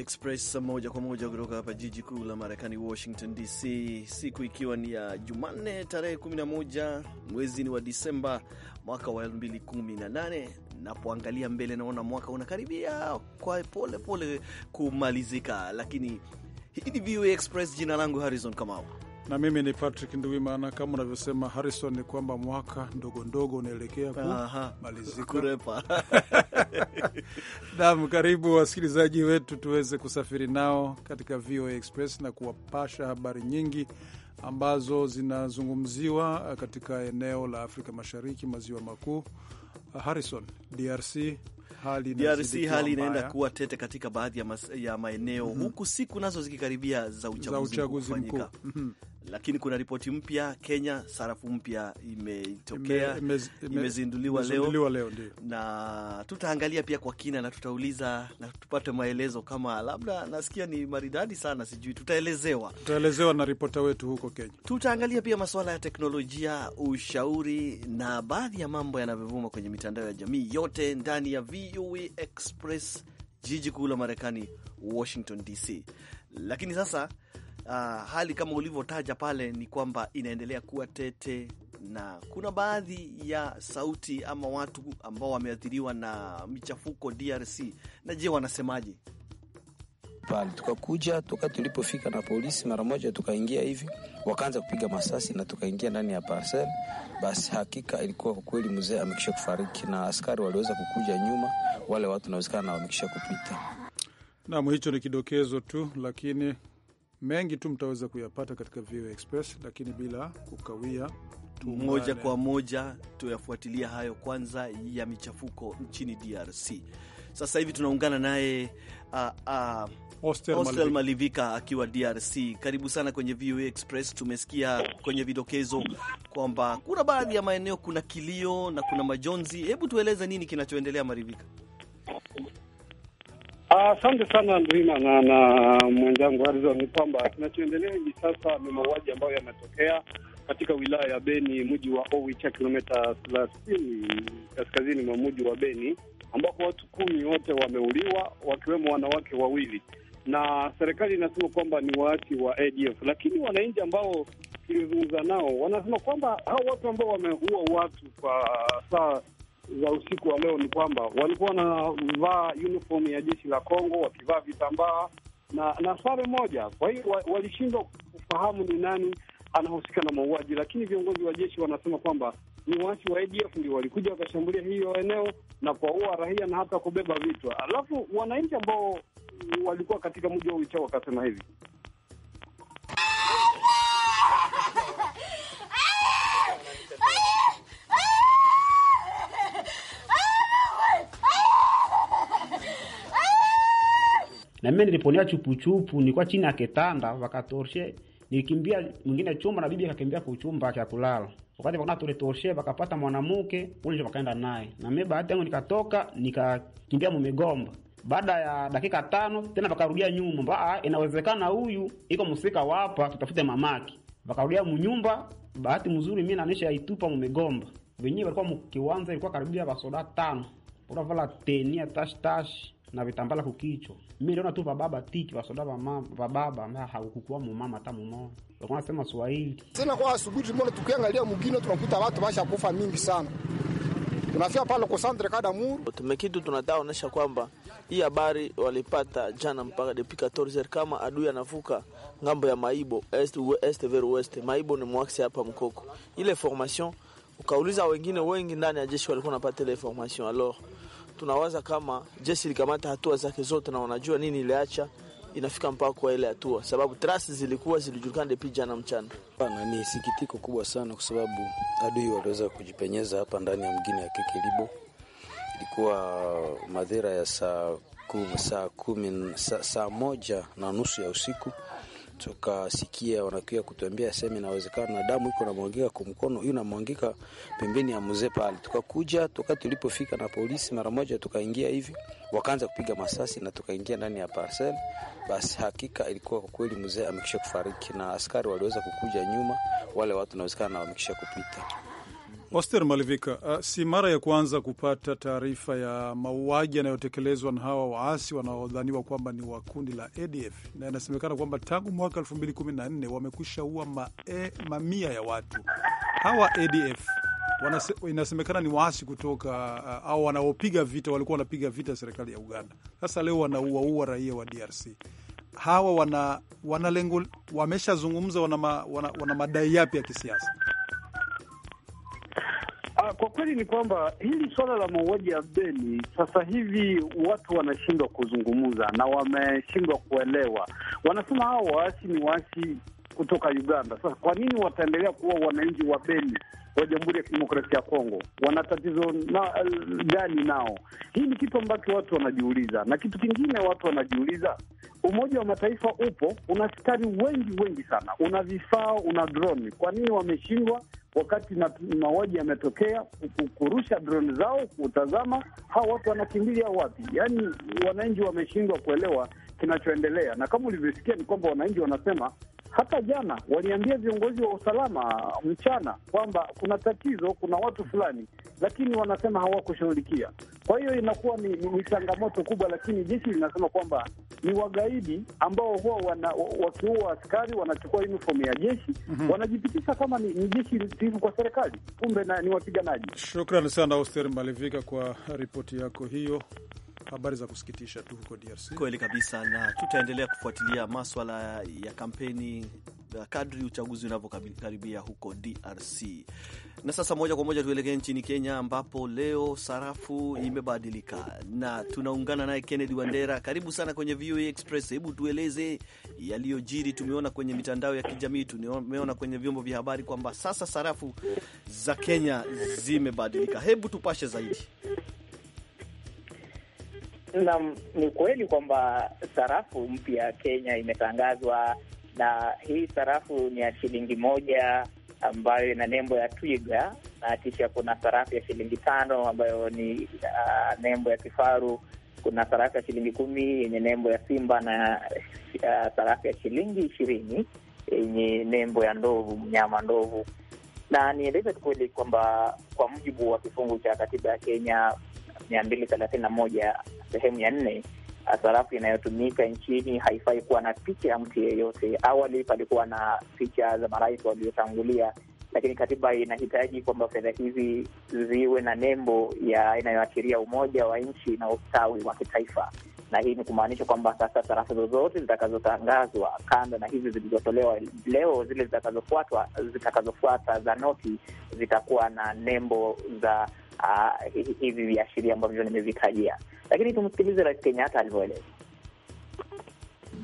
Express moja kwa moja kutoka hapa jiji kuu la Marekani, Washington DC, siku ikiwa ni ya Jumanne tarehe 11 mwezi ni wa Disemba mwaka wa 2018. Napoangalia mbele, naona mwaka unakaribia kwa pole pole kumalizika, lakini hii ni VOA Express. Jina langu Harrison Kamau na mimi ni Patrick Nduimana. Kama unavyosema Harrison, ni kwamba mwaka ndogo ndogo unaelekea kumalizika kurepa nam. Karibu wasikilizaji wetu tuweze kusafiri nao katika VOA Express na kuwapasha habari nyingi ambazo zinazungumziwa katika eneo la Afrika Mashariki, maziwa makuu. Harrison, DRC hali DRC hali inaenda kuwa tete katika baadhi ya, mas, ya maeneo mm -hmm. huku siku nazo zikikaribia za uchaguzi mkuu mhm lakini kuna ripoti mpya Kenya, sarafu mpya imetokea, imezinduliwa ime, ime, ime leo, leo na tutaangalia pia kwa kina na tutauliza na tupate maelezo kama labda, nasikia ni maridadi sana, sijui tutaelezewa, tutaelezewa na ripota wetu huko Kenya. Tutaangalia pia masuala ya teknolojia, ushauri na baadhi ya mambo yanavyovuma kwenye mitandao ya jamii, yote ndani ya VOA e Express, jiji kuu la Marekani, Washington DC. Lakini sasa uh, hali kama ulivyotaja pale ni kwamba inaendelea kuwa tete na kuna baadhi ya sauti ama watu ambao wameathiriwa na michafuko DRC. Na je, wanasemaje? Pale tukakuja toka tulipofika na polisi mara moja tukaingia hivi, wakaanza kupiga masasi na tukaingia ndani ya parcel. Basi hakika ilikuwa kwa kweli mzee amekisha kufariki, na askari waliweza kukuja nyuma, wale watu nawezekana wamekisha kupita. Nam, hicho ni kidokezo tu, lakini mengi tu mtaweza kuyapata katika VOA Express, lakini bila kukawia moja kwa moja tuyafuatilia hayo kwanza ya michafuko nchini DRC. Sasa hivi tunaungana naye uh, uh, Ostel uh, Malivika. Malivika akiwa DRC. Karibu sana kwenye VOA Express. Tumesikia kwenye vidokezo kwamba kuna baadhi ya maeneo kuna kilio na kuna majonzi. Hebu tueleze nini kinachoendelea Malivika? Asante uh, sana Ndrina na, na mwenzangu Harizon, ni kwamba kinachoendelea hivi sasa ni mauaji ambayo yametokea katika wilaya ya Beni, mji wa Owicha, kilomita thelathini kaskazini mwa mji wa Beni, ambapo watu kumi wote wameuliwa wakiwemo wanawake wawili, na serikali inasema kwamba ni waasi wa ADF, lakini wananchi ambao tulizungumza nao wanasema kwamba hao watu ambao wameua watu kwa saa za usiku wa leo ni kwamba walikuwa wanavaa uniform ya jeshi la Kongo, wakivaa vitambaa na na sare moja. Kwa hiyo walishindwa kufahamu ni nani anahusika na mauaji, lakini viongozi wa jeshi wanasema kwamba ni waasi wa ADF ndio walikuja wakashambulia hiyo eneo na kuwaua raia na hata kubeba vitu. Alafu wananchi ambao walikuwa katika mji wa Wichao wakasema hivi, na mimi niliponea chupuchupu, nilikuwa chini ya kitanda, wakatorshe nikimbia mwingine chumba na bibi akakimbia kwa chumba cha kulala. Wakati wakana tole torshe wakapata mwanamke ule, ndio wakaenda naye, na mimi bahati yangu nikatoka nikakimbia mumegomba. Baada ya dakika tano tena wakarudia nyuma, mbaa ah, inawezekana huyu iko msika wapa, tutafute mamaki. Wakarudia mnyumba, bahati mzuri mimi nanisha aitupa mumegomba. Wenyewe walikuwa mkiwanza ilikuwa karibia basoda tano. Unavala tenia tash tash na vitambala kukicho. Mimi niliona tu vababa tiki vasoda vamama vababa na hakukuwa mumama hata mumoja. Walikuwa nasema Swahili. sina kwa asubuhi tuliona tukiangalia mwingine tunakuta watu kufa mingi sana. Tunafia pale kwa Sandre kada muru. Tumekitu tunataka kuonesha kwamba hii habari walipata jana mpaka depuis 14 kama adui anavuka ngambo ya Maibo est ouest ver west Maibo ni mwaksi hapa mkoko. Ile formation ukauliza wengine wengi ndani ya jeshi walikuwa wanapata ile formation alors tunawaza kama jeshi likamata hatua zake zote na wanajua nini iliacha inafika mpaka kwa ile hatua, sababu trasi zilikuwa zilijulikana depi jana mchana. Bana, ni sikitiko kubwa sana kwa sababu adui waliweza kujipenyeza hapa ndani ya mgine ya Kikilibo. Ilikuwa madhira ya saa kumi, saa kumi, saa, saa moja na nusu ya usiku tukasikia wanakuja kutuambia sema inawezekana damu iko namwangika kumkono hiyo namwangika pembeni ya mzee pale. Tukakuja toka tulipofika na polisi mara moja tukaingia hivi, wakaanza kupiga masasi na tukaingia ndani ya parcel. Basi hakika ilikuwa kwa kweli mzee amekisha kufariki, na askari waliweza kukuja nyuma, wale watu nawezekana wamekisha kupita. Oster Malivika, uh, si mara ya kwanza kupata taarifa ya mauaji yanayotekelezwa na hawa waasi wanaodhaniwa kwamba ni wa kundi la ADF na inasemekana kwamba tangu mwaka 2014 wamekwisha ua ma e, mamia ya watu. Hawa ADF inasemekana ni waasi kutoka uh, au wanaopiga vita, walikuwa wanapiga vita serikali ya Uganda, sasa leo wanauaua raia wa DRC. Hawa wana, wana lengo, wameshazungumza wana, wana, wana madai yapi ya kisiasa? Ah, kwa kweli ni kwamba hili suala la mauaji ya Beni sasa hivi watu wanashindwa kuzungumza na wameshindwa kuelewa. Wanasema hao waasi ni waasi kutoka Uganda. Sasa kwa nini wataendelea kuwa wananchi wa Beni wa Jamhuri ya Kidemokrasia ya Kongo wana tatizo na gani nao? Hii ni kitu ambacho watu wanajiuliza, na kitu kingine watu wanajiuliza, Umoja wa Mataifa upo una askari wengi wengi sana, una vifaa, una droni. Kwa nini wameshindwa wakati mauaji yametokea, kurusha drone zao kutazama hawa watu wanakimbilia wapi? Yaani wananchi wameshindwa kuelewa kinachoendelea, na kama ulivyosikia ni kwamba wananchi wanasema hata jana waliambia viongozi wa usalama mchana kwamba kuna tatizo, kuna watu fulani, lakini wanasema hawakushughulikia. Kwa hiyo inakuwa ni, ni changamoto kubwa, lakini jeshi linasema kwamba ni wagaidi ambao huwa wakiua askari wanachukua uniform ya jeshi mm -hmm. wanajipitisha kama ni, ni jeshi tiivu kwa serikali, kumbe ni wapiganaji. Shukrani sana oster Malivika kwa ripoti yako hiyo habari za kusikitisha tu huko DRC. Kweli kabisa, na tutaendelea kufuatilia maswala ya kampeni kadri uchaguzi unavyokaribia huko DRC. Na sasa moja kwa moja tuelekee nchini Kenya, ambapo leo sarafu imebadilika na tunaungana naye Kennedy Wandera. Karibu sana kwenye VOA Express. Hebu tueleze yaliyojiri. Tumeona kwenye mitandao ya kijamii, tumeona kwenye vyombo vya habari kwamba sasa sarafu za Kenya zimebadilika. Hebu tupashe zaidi. Naam, ni kweli kwamba sarafu mpya Kenya imetangazwa, na hii sarafu ni ya shilingi moja ambayo ina nembo ya twiga, na kisha kuna sarafu ya shilingi tano ambayo ni uh, nembo ya kifaru. Kuna sarafu ya shilingi kumi yenye nembo ya simba na uh, sarafu ya shilingi ishirini yenye nembo ya ndovu, mnyama ndovu. Na nieleze kweli kwamba kwa mujibu wa kifungu cha katiba ya Kenya mia mbili thelathini na moja sehemu ya nne, sarafu inayotumika nchini haifai kuwa na picha ya mtu yeyote. Awali palikuwa na picha za marais waliotangulia, lakini katiba inahitaji kwamba fedha hizi ziwe na nembo ya inayoashiria umoja wa nchi na ustawi wa kitaifa na hii ni kumaanisha kwamba sasa sarafu zozote zitakazotangazwa kando na hizi zilizotolewa leo, zile zitakazofuatwa zitakazofuata za noti zitakuwa na nembo za Ah, hivi viashiria ambavyo nimevitajia, lakini tumsikilize Rais Kenyatta alivyoeleza.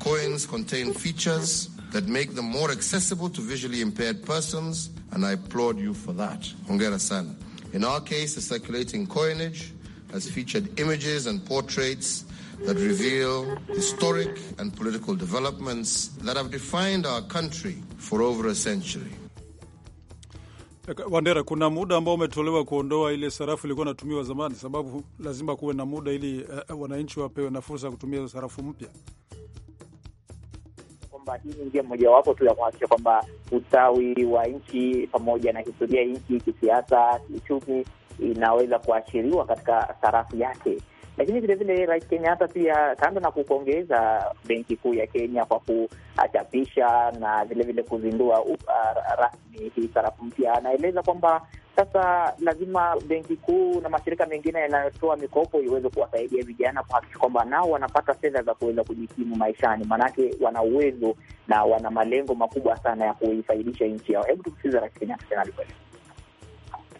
Coins contain features that make them more accessible to visually impaired persons and I applaud you for that. Hongera sana. In our case, the circulating coinage has featured images and portraits that reveal historic and political developments that have defined our country for over a century. Wandera, kuna muda ambao umetolewa kuondoa ile sarafu ilikuwa inatumiwa zamani, sababu lazima kuwe na muda ili uh, wananchi wapewe na fursa ya kutumia sarafu mpya kwamba hii ni njia mojawapo tu ya kuhakikisha kwamba ustawi wa nchi pamoja na historia ya nchi kisiasa, kiuchumi inaweza kuashiriwa katika sarafu yake. Lakini vilevile Rais Kenyatta pia, kando na kupongeza benki kuu ya Kenya kwa kuchapisha na vilevile kuzindua uh, rasmi hii sarafu mpya, anaeleza kwamba sasa lazima benki kuu na mashirika mengine yanayotoa mikopo iweze kuwasaidia vijana kuhakikisha kwamba nao wanapata fedha za kuweza kujikimu maishani, maanake wana uwezo na wana malengo makubwa sana ya kuifaidisha nchi yao. Hebu tukusikiza Rais Kenyatta tena alivyoeleza.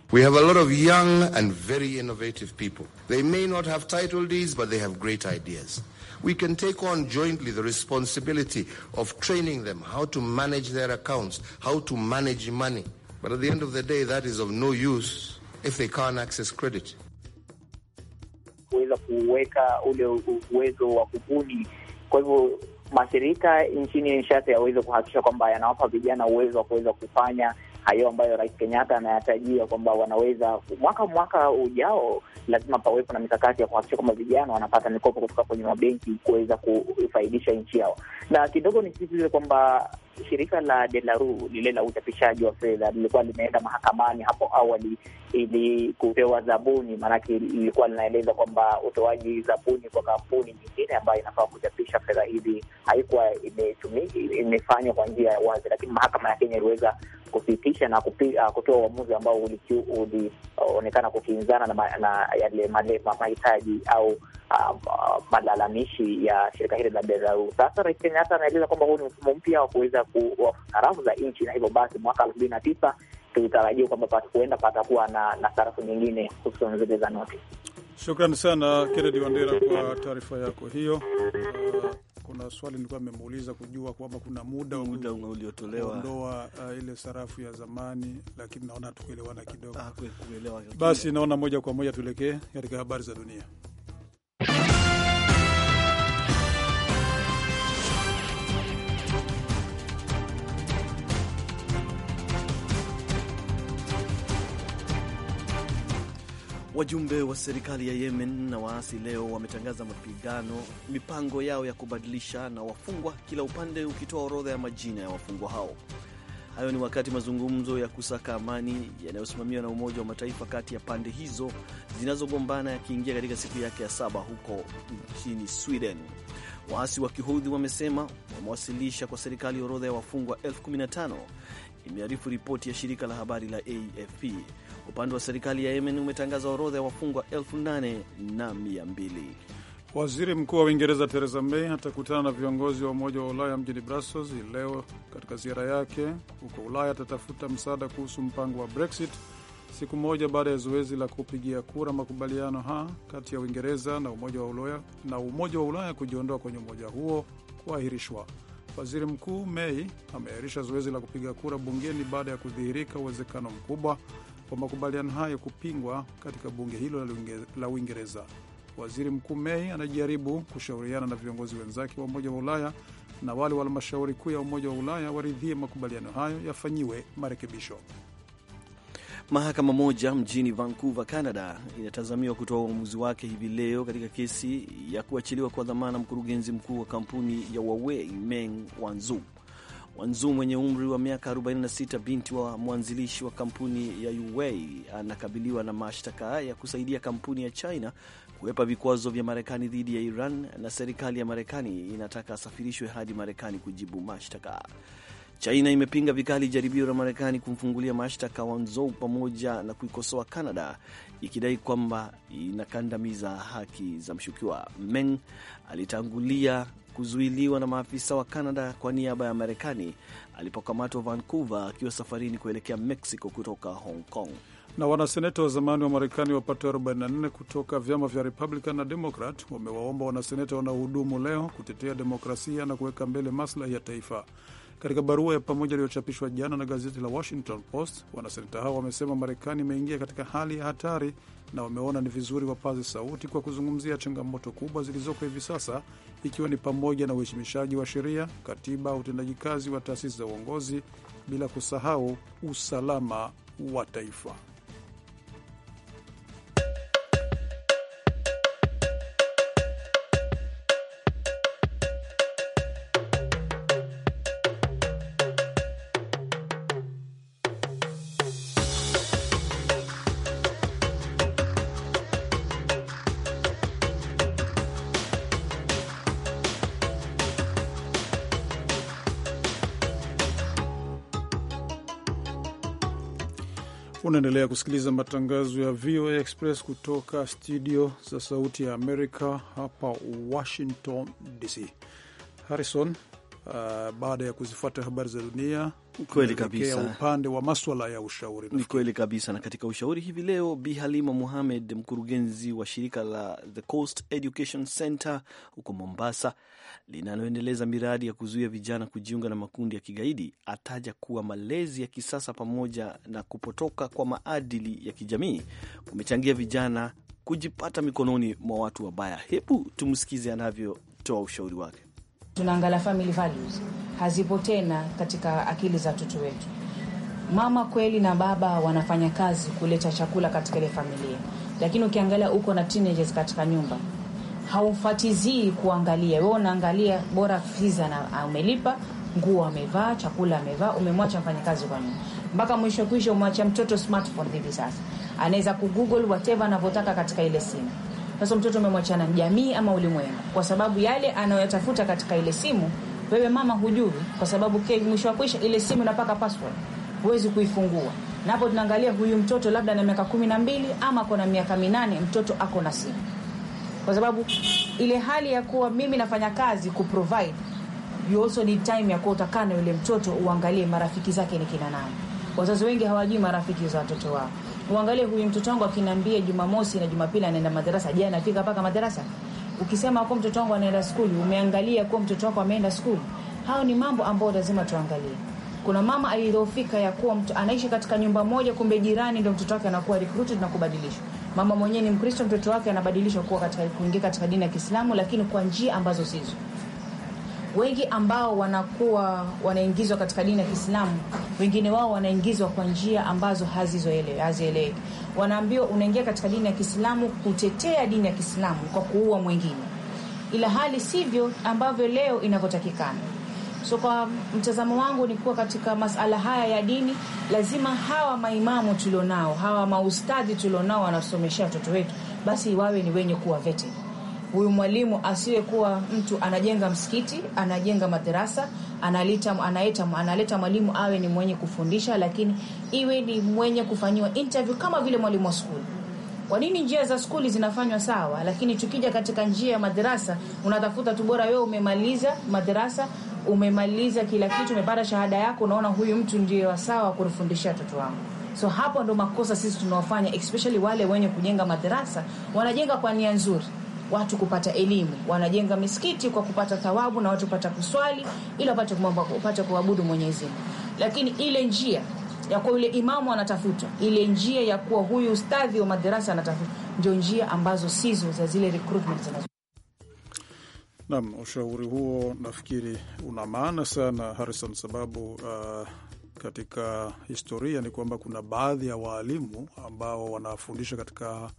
We have a lot of young and very innovative people. They may not have title deeds, but they have great ideas. We can take on jointly the responsibility of training them how to manage their accounts, how to manage money. But at the end of the day, that is of no use if they can't access credit. Kuweza kuweka ule uwezo wa kubuni. Kwa hivyo mashirika nchini nishati yaweze kuhakikisha kwamba yanawapa vijana uwezo wa kuweza kufanya hayo ambayo Rais Kenyatta anayatajia kwamba wanaweza mwaka mwaka ujao, lazima pawepo na mikakati ya kuhakikisha kwamba vijana wanapata mikopo kutoka kwenye mabenki kuweza kufaidisha nchi yao. Na kidogo nisisitize kwamba shirika la Delaru lile la uchapishaji wa fedha lilikuwa limeenda mahakamani hapo awali ili kupewa zabuni, maanake lilikuwa linaeleza kwamba utoaji zabuni kwa kampuni nyingine ambayo inafaa kuchapisha fedha hivi haikuwa imefanywa kwa njia ya wazi, lakini mahakama ya Kenya iliweza kusitisha na kutoa uamuzi ambao ulionekana uh, kukinzana na yale mahitaji au uh, malalamishi ya shirika hili la Belarus. Sasa Rais Kenyatta anaeleza kwamba huu ni mfumo mpya wa kuweza kuwafuta sarafu za nchi, na hivyo basi mwaka elfu mbili na tisa tulitarajia kwamba huenda patakuwa na, na sarafu nyingine hususan zile za noti. Shukrani sana Kennedy Wandera kwa taarifa yako hiyo kuna swali nilikuwa nimemuuliza kujua kwamba kuna muda, muda uliotolewa kuondoa uh, ile sarafu ya zamani, lakini naona tukuelewana kidogo. Ah, basi naona moja kwa moja tuelekee katika habari za dunia. Wajumbe wa serikali ya Yemen na waasi leo wametangaza mapigano, mipango yao ya kubadilisha na wafungwa, kila upande ukitoa orodha ya majina ya wafungwa hao. Hayo ni wakati mazungumzo ya kusaka amani yanayosimamiwa na Umoja wa Mataifa kati ya pande hizo zinazogombana yakiingia katika siku yake ya saba huko nchini Sweden. Waasi wa Kihudhi wamesema wamewasilisha kwa serikali orodha ya wafungwa elfu 15 imearifu ripoti ya shirika la habari la AFP. Upande wa serikali ya Yemen umetangaza orodha ya wafungwa elfu nane na mia mbili. Waziri Mkuu wa Uingereza Theresa May atakutana na viongozi wa Umoja wa Ulaya mjini Brussels hii leo. Katika ziara yake huko Ulaya atatafuta msaada kuhusu mpango wa Brexit siku moja baada ya zoezi la kupigia kura makubaliano ha kati ya Uingereza na Umoja wa Ulaya, na Umoja wa Ulaya kujiondoa kwenye umoja huo kuahirishwa. Waziri Mkuu May ameahirisha zoezi la kupiga kura bungeni baada ya kudhihirika uwezekano mkubwa kwa makubaliano hayo kupingwa katika bunge hilo la Uingereza. Waziri Mkuu Mei anajaribu kushauriana na viongozi wenzake wa Umoja wa Ulaya na wale wa halmashauri kuu ya Umoja wa Ulaya waridhie makubaliano hayo yafanyiwe marekebisho. Mahakama moja mjini Vancouver, Canada, inatazamiwa kutoa uamuzi wake hivi leo katika kesi ya kuachiliwa kwa dhamana mkurugenzi mkuu wa kampuni ya Huawei Meng Wanzhou. Wanzu mwenye umri wa miaka 46, binti wa mwanzilishi wa kampuni ya Huawei, anakabiliwa na mashtaka ya kusaidia kampuni ya China kuwepa vikwazo vya Marekani dhidi ya Iran, na serikali ya Marekani inataka asafirishwe hadi Marekani kujibu mashtaka. China imepinga vikali jaribio la Marekani kumfungulia mashtaka Wanzou pamoja na kuikosoa Canada ikidai kwamba inakandamiza haki za mshukiwa. Meng alitangulia kuzuiliwa na maafisa wa Canada kwa niaba ya Marekani alipokamatwa Vancouver akiwa safarini kuelekea Mexico kutoka Hong Kong. Na wanaseneta wa zamani wa Marekani wapate 44 kutoka vyama vya Republican na Demokrat wamewaomba wanaseneta wanaohudumu leo kutetea demokrasia na kuweka mbele maslahi ya taifa. Katika barua ya pamoja iliyochapishwa jana na gazeti la Washington Post, wanaseneta hao wamesema Marekani imeingia katika hali ya hatari na wameona ni vizuri wapaze sauti kwa kuzungumzia changamoto kubwa zilizoko hivi sasa, ikiwa ni pamoja na uheshimishaji wa sheria, katiba, utendaji kazi wa taasisi za uongozi, bila kusahau usalama wa taifa. Unaendelea kusikiliza matangazo ya VOA Express kutoka studio za Sauti ya Amerika hapa Washington DC. Harrison, Uh, baada ya kuzifuata habari za dunia kweli kabisa, upande wa maswala ya ushauri ni kweli kabisa. Na katika ushauri hivi leo, Bi Halima Muhamed, mkurugenzi wa shirika la The Coast Education Center huko Mombasa linaloendeleza miradi ya kuzuia vijana kujiunga na makundi ya kigaidi, ataja kuwa malezi ya kisasa pamoja na kupotoka kwa maadili ya kijamii kumechangia vijana kujipata mikononi mwa watu wabaya. Hebu tumsikize anavyotoa ushauri wake. Tunaangalia family values hazipo tena katika akili za watoto wetu. Mama kweli na baba wanafanya kazi kuleta chakula katika ile familia, lakini ukiangalia uko na teenagers katika nyumba, haufatizii kuangalia. Wewe unaangalia bora fiza na umelipa nguo amevaa, chakula amevaa, umemwacha kazi kwa nyumba mpaka mwisho. Kwisho umwacha mtoto smartphone hivi sasa, anaweza kugoogle whatever anavyotaka katika ile simu. Sasa mtoto umemwachana na jamii ama ulimwengu, kwa sababu yale anayotafuta katika ile simu wewe mama hujui, kwa sababu mwisho wa kuisha ile simu inapaka password, huwezi kuifungua. Na hapo tunaangalia huyu mtoto labda na miaka kumi na mbili ama ako na miaka minane, mtoto ako na simu, kwa sababu ile hali ya kuwa mimi nafanya kazi kuprovide, you also need time ya kuwa utakaa na yule mtoto uangalie marafiki zake ni kina nani. Wazazi wengi hawajui marafiki za watoto wao. Uangalie huyu mtoto wangu akiniambia Jumamosi na Jumapili anaenda madarasa je, anafika mpaka madarasa? Ukisema kwa mtoto wangu anaenda skuli, umeangalia kwa mtoto wako ameenda skuli? Hayo ni mambo ambayo lazima tuangalie. Kuna mama alidhofika ya kuwa mtu anaishi katika nyumba moja, kumbe jirani ndio mtoto wake anakuwa recruited na kubadilishwa. Mama mwenyewe ni Mkristo, mtoto wake anabadilishwa kuwa katika kuingia katika dini ya Kiislamu, lakini kwa njia ambazo sizo wengi ambao wanakuwa wanaingizwa katika dini ya Kiislamu, wengine wao wanaingizwa kwa njia ambazo hazieleweki. Wanaambiwa unaingia katika dini ya Kiislamu kutetea dini ya Kiislamu kwa kuua mwingine, ila hali sivyo ambavyo leo inavyotakikana. So kwa mtazamo wangu ni kuwa katika masala haya ya dini, lazima hawa maimamu tulionao, hawa maustadhi tulionao, wanasomeshea watoto wetu, basi wawe ni wenye kuwa vetted huyu mwalimu asiwe kuwa mtu anajenga msikiti, anajenga madarasa, analeta analeta analeta mwalimu awe ni mwenye kufundisha, lakini iwe ni mwenye kufanyiwa interview kama vile mwalimu wa skuli. Kwa nini njia za skuli zinafanywa sawa, lakini tukija katika njia ya madarasa unatafuta tu, bora wewe umemaliza madarasa, umemaliza kila kitu, umepata shahada yako, unaona huyu mtu ndiye wa sawa kunifundishia watoto wangu. So hapo ndo makosa sisi tunawafanya, especially wale wenye kujenga madarasa, wanajenga kwa nia nzuri watu kupata elimu, wanajenga misikiti kwa kupata thawabu na watu kupata kuswali ili wapate upate kuabudu Mwenyezi Mungu. Lakini ile njia ya kuwa yule imamu anatafuta, ile njia ya kuwa huyu ustadhi wa madarasa anatafuta, ndio njia ambazo sizo za zile recruitment zinazo Nam, ushauri huo nafikiri una maana sana Harrison, sababu uh, katika historia ni kwamba kuna baadhi ya waalimu ambao wanafundisha katika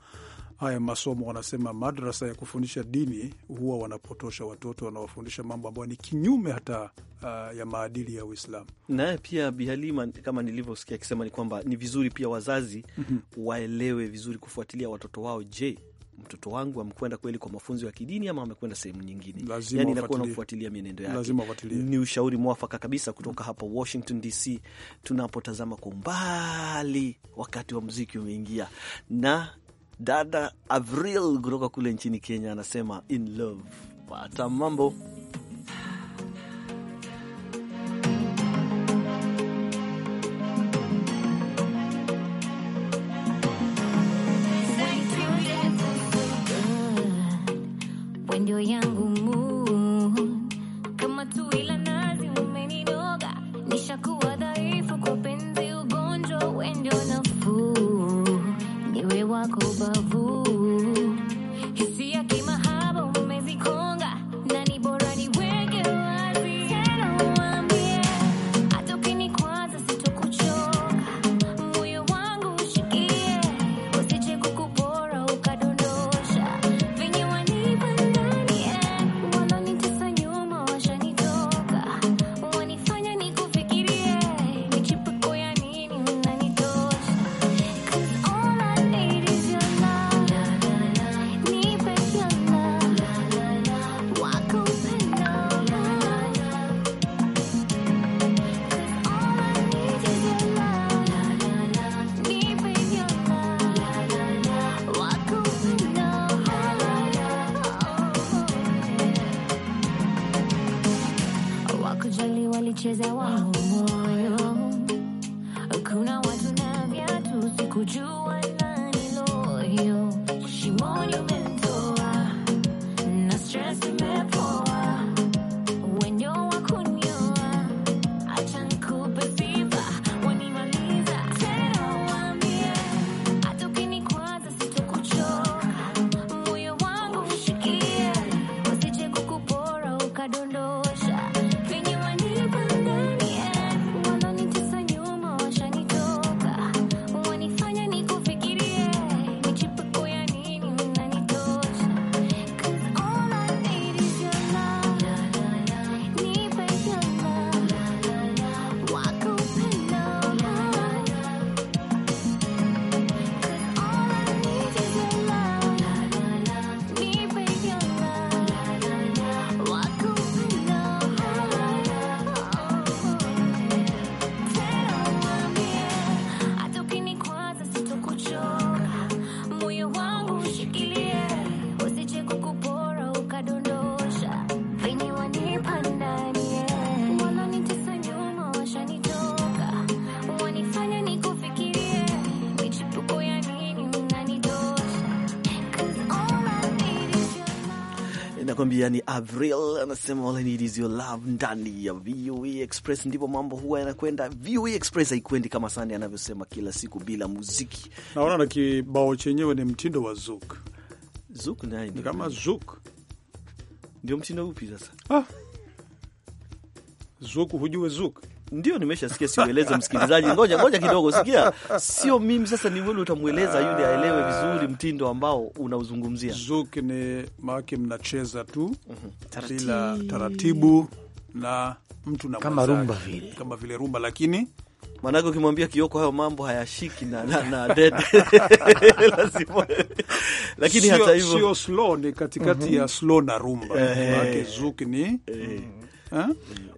haya masomo. Wanasema madrasa ya kufundisha dini huwa wanapotosha watoto, wanawafundisha mambo ambayo ni kinyume hata uh, ya maadili ya Uislamu. Naye pia Bihalima, kama nilivyosikia akisema, ni kwamba ni vizuri pia wazazi mm -hmm. waelewe vizuri kufuatilia watoto wao. Je, mtoto wangu amekwenda kweli kwa mafunzo ya kidini ama amekwenda sehemu nyingine? Yani nakuwa namfuatilia mienendo yake. Ni ushauri mwafaka kabisa kutoka hapa Washington DC, tunapotazama kwa umbali wakati wa mziki umeingia na Dada Avril kutoka kule nchini Kenya anasema in love. Pata mambo anakuambia ni Avril anasema all I need is your love. Ndani ya VOA e Express ndipo mambo huwa yanakwenda. VOA e Express haikwendi kama sani anavyosema kila siku bila muziki. Naona na kibao chenyewe ni mtindo wa zuk zuk, ni kama zuk. ndio mtindo upi sasa? Ah, zuk, hujue zuk ndio, nimeshasikia, siueleze msikilizaji. Ngoja ngoja kidogo, sikia, sio mimi sasa, ni wewe utamweleza yule aelewe vizuri mtindo ambao unauzungumzia. Zuk ni maake, mnacheza tu mhm. bila taratibu na mtu na kama rumba vile, kama vile rumba, lakini maanake ukimwambia Kioko hayo mambo hayashiki na, na, na lazima lakini hata hivyo sio slow, ni katikati mm -hmm. ya mhm. slow na rumba hey. Eh, maake eh. zuki ni Eh. Eh.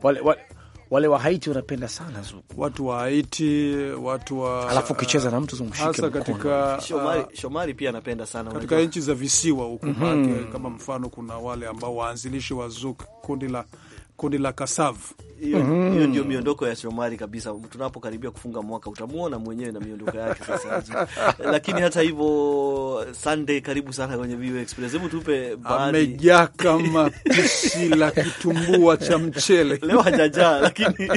Wale, wale wale wa Haiti wanapenda sana zuku, watu wa Haiti, watu wa alafu ukicheza na mtu zumshike hasa katika Shomari, uh, Shomari pia anapenda sana katika nchi za visiwa huku mm -hmm. Kama mfano kuna wale ambao waanzilishi wa zuk kundi la kundi la Kasav. Mm-hmm. Hiyo Ndio miondoko ya Shomari kabisa. Tunapokaribia kufunga mwaka utamwona mwenyewe na miondoko yake sasa. Lakini hata hivyo, Sunday, karibu sana kwenye VOA Express. Hebu tupe baadhi. Amejaa kama pishi la kitumbua cha mchele. Leo hajajaa lakini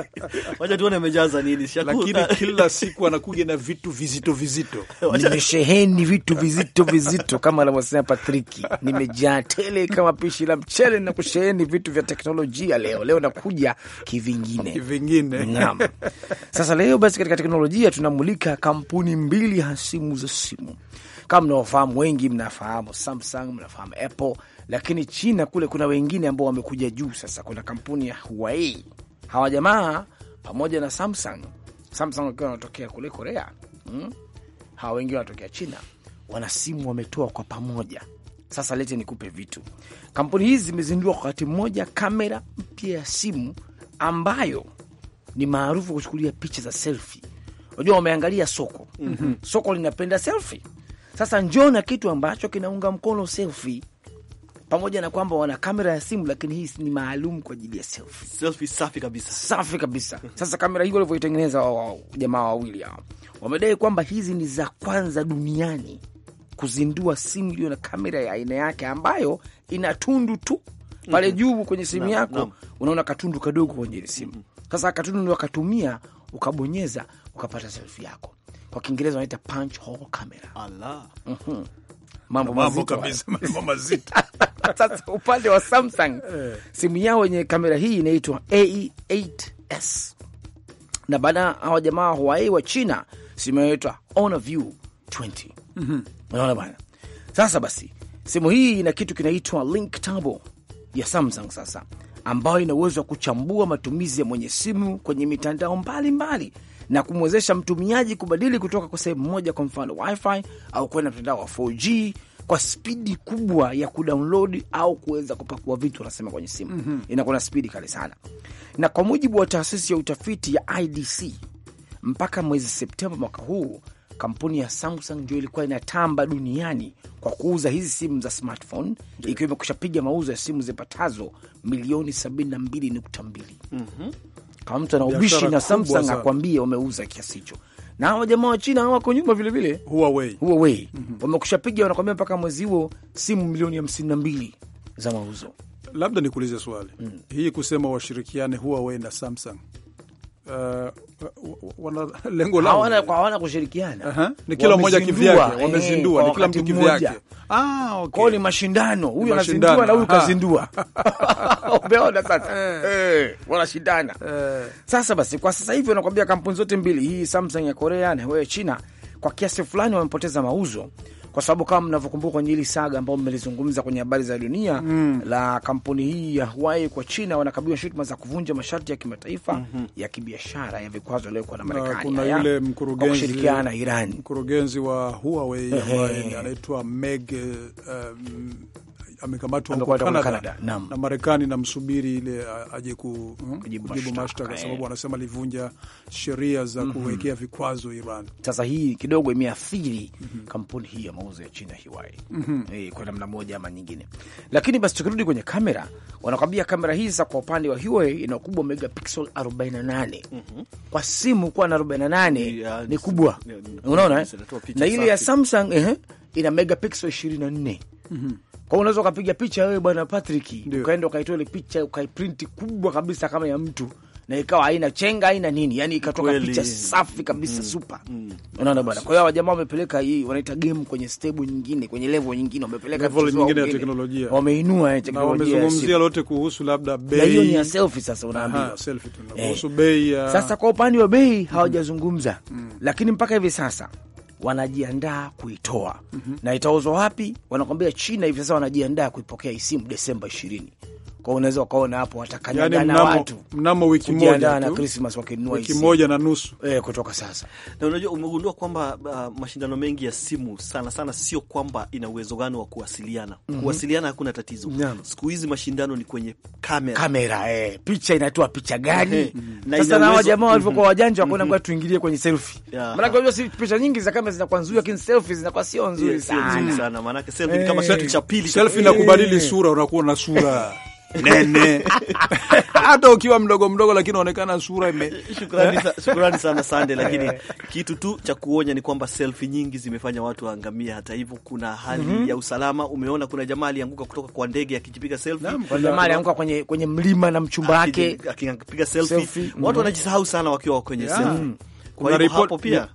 wacha tuone amejaza nini. Lakini kila siku anakuja na vitu vizito vizito. Nimesheheni vitu vizito vizito kama anavyosema Patrick. Nimejaa tele kama pishi la mchele na kusheheni vitu vya teknolojia teknolojia leo. Leo nakuja kivingine kivingine. Naam. Sasa leo basi, katika teknolojia tunamulika kampuni mbili hasimu za simu kama mnaofahamu wengi, mnafahamu Samsung, mnafahamu Apple, lakini China kule kuna wengine ambao wamekuja juu. Sasa kuna kampuni ya Huawei, hawa jamaa pamoja na Samsung, Samsung wakiwa wanatokea kule Korea, hmm? hawa wengine wanatokea China, wana simu wametoa kwa pamoja sasa lete nikupe vitu. Kampuni hizi zimezindua kwa wakati mmoja kamera mpya ya simu ambayo ni maarufu kuchukulia picha za selfie. Unajua, wameangalia soko mm -hmm. Soko linapenda selfie. Sasa njoo na kitu ambacho kinaunga mkono selfie pamoja na kwamba wana kamera ya simu lakini hii ni maalum kwa ajili ya selfie. Selfie safi kabisa, safi kabisa. Sasa kamera hii walivyoitengeneza jamaa wawili hao wamedai kwamba hizi ni za kwanza duniani kuzindua simu iliyo na kamera ya aina yake ambayo ina tundu tu pale mm -hmm. juu kwenye simu no, yako no. unaona katundu kadogo kwenye ile simu mm -hmm. Sasa katundu ndio wakatumia, ukabonyeza ukapata selfie yako, kwa Kiingereza wanaita punch hole camera. Allah. mm -hmm. Mambo mazito kabisa, mambo mazito. Sasa upande wa Samsung eh. simu yao yenye kamera hii inaitwa ae 8 s na baada hawa jamaa Huawei wa China simu inaitwa Honor View 20. Mm -hmm. Unaona bwana. Sasa basi simu hii ina kitu kinaitwa link table ya Samsung sasa ambayo ina uwezo wa kuchambua matumizi ya mwenye simu kwenye mitandao mbalimbali na kumwezesha mtumiaji kubadili kutoka kwa sehemu moja, kwa mfano wifi, au kwenda mtandao wa 4G kwa spidi kubwa ya kudownload au kuweza kupakua vitu, wanasema kwenye simu mm -hmm. inakuwa na spidi kali sana. Na kwa mujibu wa taasisi ya utafiti ya IDC, mpaka mwezi Septemba mwaka huu kampuni ya Samsung ndio ilikuwa inatamba duniani kwa kuuza hizi simu za smartphone yeah, ikiwa imekusha piga mauzo ya simu zipatazo milioni 72.2. Mhm. Kama mtu ana ubishi na Samsung akwambie wameuza kiasi hicho, na hawa jamaa wa China wako nyuma vilevile, Huawei Huawei mhm. wamekusha piga, wanakwambia mpaka mwezi huo simu milioni 52 za mauzo. Labda nikuulize swali mm, hii kusema washirikiane Huawei na Samsung uh, wana lengo lao hawana kwa hawana kushirikiana. uh -huh. Ni kila mmoja kivyake, wamezindua eh, ni kila mtu kivyake. Ah, okay, kwao ni mashindano, huyu anazindua na huyu kazindua. Umeona sasa, eh, eh wanashindana eh. sasa. Basi kwa sasa hivi wanakuambia kampuni zote mbili, hii Samsung ya Korea na wewe China, kwa kiasi fulani wamepoteza mauzo kwa sababu kama mnavyokumbuka kwenye hili saga ambao mmelizungumza kwenye habari za dunia mm. la kampuni hii ya Huawei kwa China, wanakabiliwa shutuma za kuvunja masharti ya kimataifa mm -hmm. ya kibiashara ya vikwazo yaliyokuwa na Marekani. Kuna yule mkurugenzi kushirikiana na Iran, mkurugenzi wa Huawei ambaye anaitwa Meg eh, amekamatwa huko Canada, Na, Marekani namsubiri ile aje hmm, kujibu, mashtaka kwa eh. sababu anasema alivunja sheria za mm -hmm. kuwekea vikwazo Iran. Sasa hii kidogo imeathiri mm -hmm. kampuni hii ya mauzo ya China Huawei mm -hmm. eh, kwa namna moja ama nyingine, lakini basi tukirudi kwenye kamera, wanakwambia kamera hii sasa kwa upande wa Huawei ina ukubwa megapixel 48 mm -hmm. kwa simu kuwa na 48 yeah, ni kubwa unaona na ile ya Samsung eh, ina megapixel 24. Mm -hmm. Kwa unaweza ukapiga picha wewe bwana Patrick, ukaenda ukaitoa ile picha ukaiprinti kubwa kabisa kama ya mtu na ikawa haina chenga haina nini, yani ikatoka Kweli. picha safi kabisa mm. super mm. unaona bwana. Kwa hiyo hawa jamaa wamepeleka hii, wanaita game kwenye stable nyingine, kwenye level nyingine, wamepeleka level nyingine ya teknolojia, wameinua eh, teknolojia, wamezungumzia lote kuhusu labda bei, hiyo ni ya selfie. Sasa unaambiwa selfie tu eh. kuhusu bei. ya Sasa kwa upande wa bei hawajazungumza, mm. lakini mpaka hivi sasa wanajiandaa kuitoa mm -hmm. na itauzwa wapi? Wanakwambia China hivi sasa wanajiandaa kuipokea isimu Desemba ishirini kwa unaweza ukaona hapo watakanyagana yani mnamo, watu mnamo wiki moja na Christmas wakinunua wiki moja na nusu eh, kutoka sasa. Na unajua umegundua kwamba uh, mashindano mengi ya simu sana sana sio kwamba ina uwezo gani wa kuwasiliana mm -hmm. Kuwasiliana hakuna tatizo Siku hizi mashindano ni kwenye kamera kamera, eh, picha inatoa picha gani mm -hmm. Na sasa na wajamaa walivyokuwa mhm. wajanja wakaona mhm. kwa tuingilie kwenye selfie, maana kwa hiyo si picha nyingi za kamera zinakuwa nzuri, lakini selfie zinakuwa sio nzuri sana sana, maana selfie ni kama kitu eh. cha pili. Selfie inakubadili eh. sura, unakuwa na sura nene hata ukiwa mdogo mdogo, lakini unaonekana sura ime. Shukrani, eh. shukrani sana Sande, eh. lakini kitu tu cha kuonya ni kwamba selfi nyingi zimefanya watu waangamie. Hata hivyo, kuna hali mm -hmm. ya usalama. Umeona kuna jamaa alianguka kutoka kwa ndege akijipiga selfie, jamaa alianguka kwenye, kwenye mlima na mchumba wake akipiga watu mhm. wanajisahau sana wakiwa kwenye yeah. selfi kuna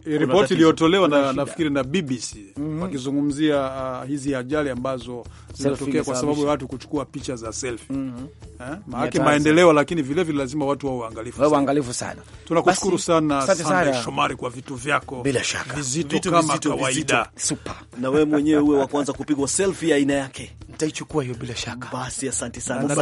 ripoti iliyotolewa na nafikiri na BBC mm -hmm. wakizungumzia uh, hizi ajali ambazo zinatokea kwa sababu ya watu kuchukua picha za selfie mm -hmm. maake maendeleo, lakini vilevile vile lazima watu wawe waangalifu sana. Tunakushukuru sana Sande Shomari kwa vitu vyako bila shaka vizito, kama kawaida, na wewe mwenyewe uwe wa kwanza kupigwa selfie aina yake nitaichukua hiyo bila shaka. Basi asante sana,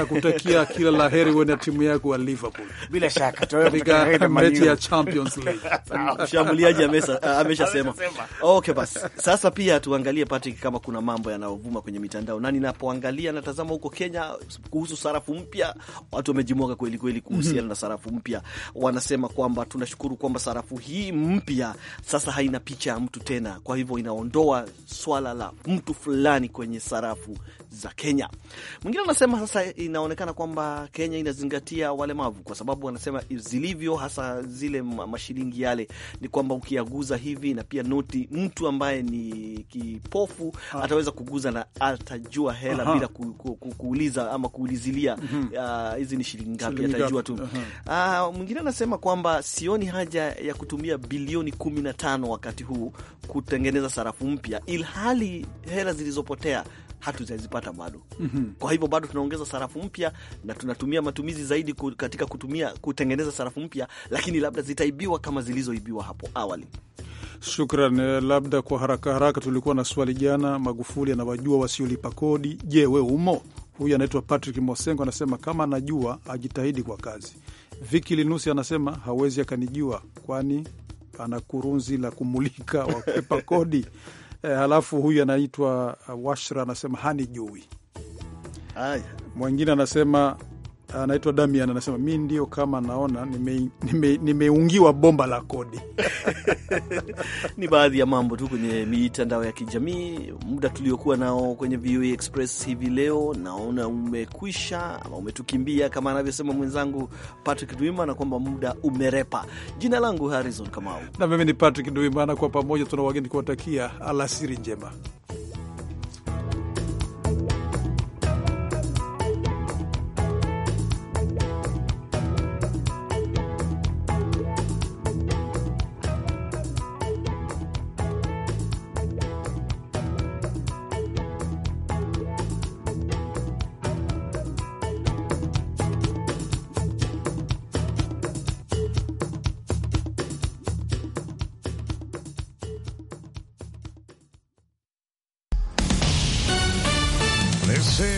nakutakia kila la heri wewe na timu yako ya Liverpool, bila shaka katika mechi ya Champions League. Mshambuliaji ameshasema. Okay, basi sasa pia tuangalie Patrick, kama kuna mambo yanayovuma kwenye mitandao, na ninapoangalia natazama huko Kenya kuhusu sarafu mpya, watu wamejimwaga kweli kweli kuhusiana mhm. na sarafu mpya, wanasema kwamba tunashukuru kwamba sarafu hii mpya sasa haina picha ya mtu tena, kwa hivyo inaondoa swala la mtu fulani kwenye sarafu halafu za Kenya. Mwingine anasema sasa inaonekana kwamba Kenya inazingatia walemavu, kwa sababu wanasema zilivyo hasa zile mashilingi yale ni kwamba ukiaguza hivi, na pia noti, mtu ambaye ni kipofu ha, ah. ataweza kuguza na atajua hela aha, bila ku, ku, ku, kuuliza ama kuulizilia mhm. hizi mm -hmm. uh, ni shilingi ngapi, atajua tu. Uh, mwingine anasema kwamba sioni haja ya kutumia bilioni kumi na tano wakati huu kutengeneza sarafu mpya, ilhali hela zilizopotea hatujazipata bado. mm -hmm. Kwa hivyo bado tunaongeza sarafu mpya na tunatumia matumizi zaidi katika kutumia kutengeneza sarafu mpya, lakini labda zitaibiwa kama zilizoibiwa hapo awali. Shukran. Eh, labda kwa haraka haraka, tulikuwa na swali jana, Magufuli anawajua wasiolipa kodi. Je, we umo? Huyu anaitwa Patrick Mosengo anasema kama anajua ajitahidi kwa kazi. Viki Linusi anasema hawezi akanijua, kwani ana kurunzi la kumulika wakwepa kodi. E, halafu huyu anaitwa eh, Washra anasema hani jui mwengine anasema anaitwa Damian anasema mi ndio kama naona nimeungiwa nime, nime bomba la kodi. Ni baadhi ya mambo tu kwenye mitandao ya kijamii, muda tuliokuwa nao kwenye VOA e Express hivi leo. Naona umekwisha ama umetukimbia, kama anavyosema mwenzangu Patrick na kwamba muda umerepa. Jina langu Harrison Kamau na mimi ni Patrick na kwa pamoja tuna wageni kuwatakia alasiri njema.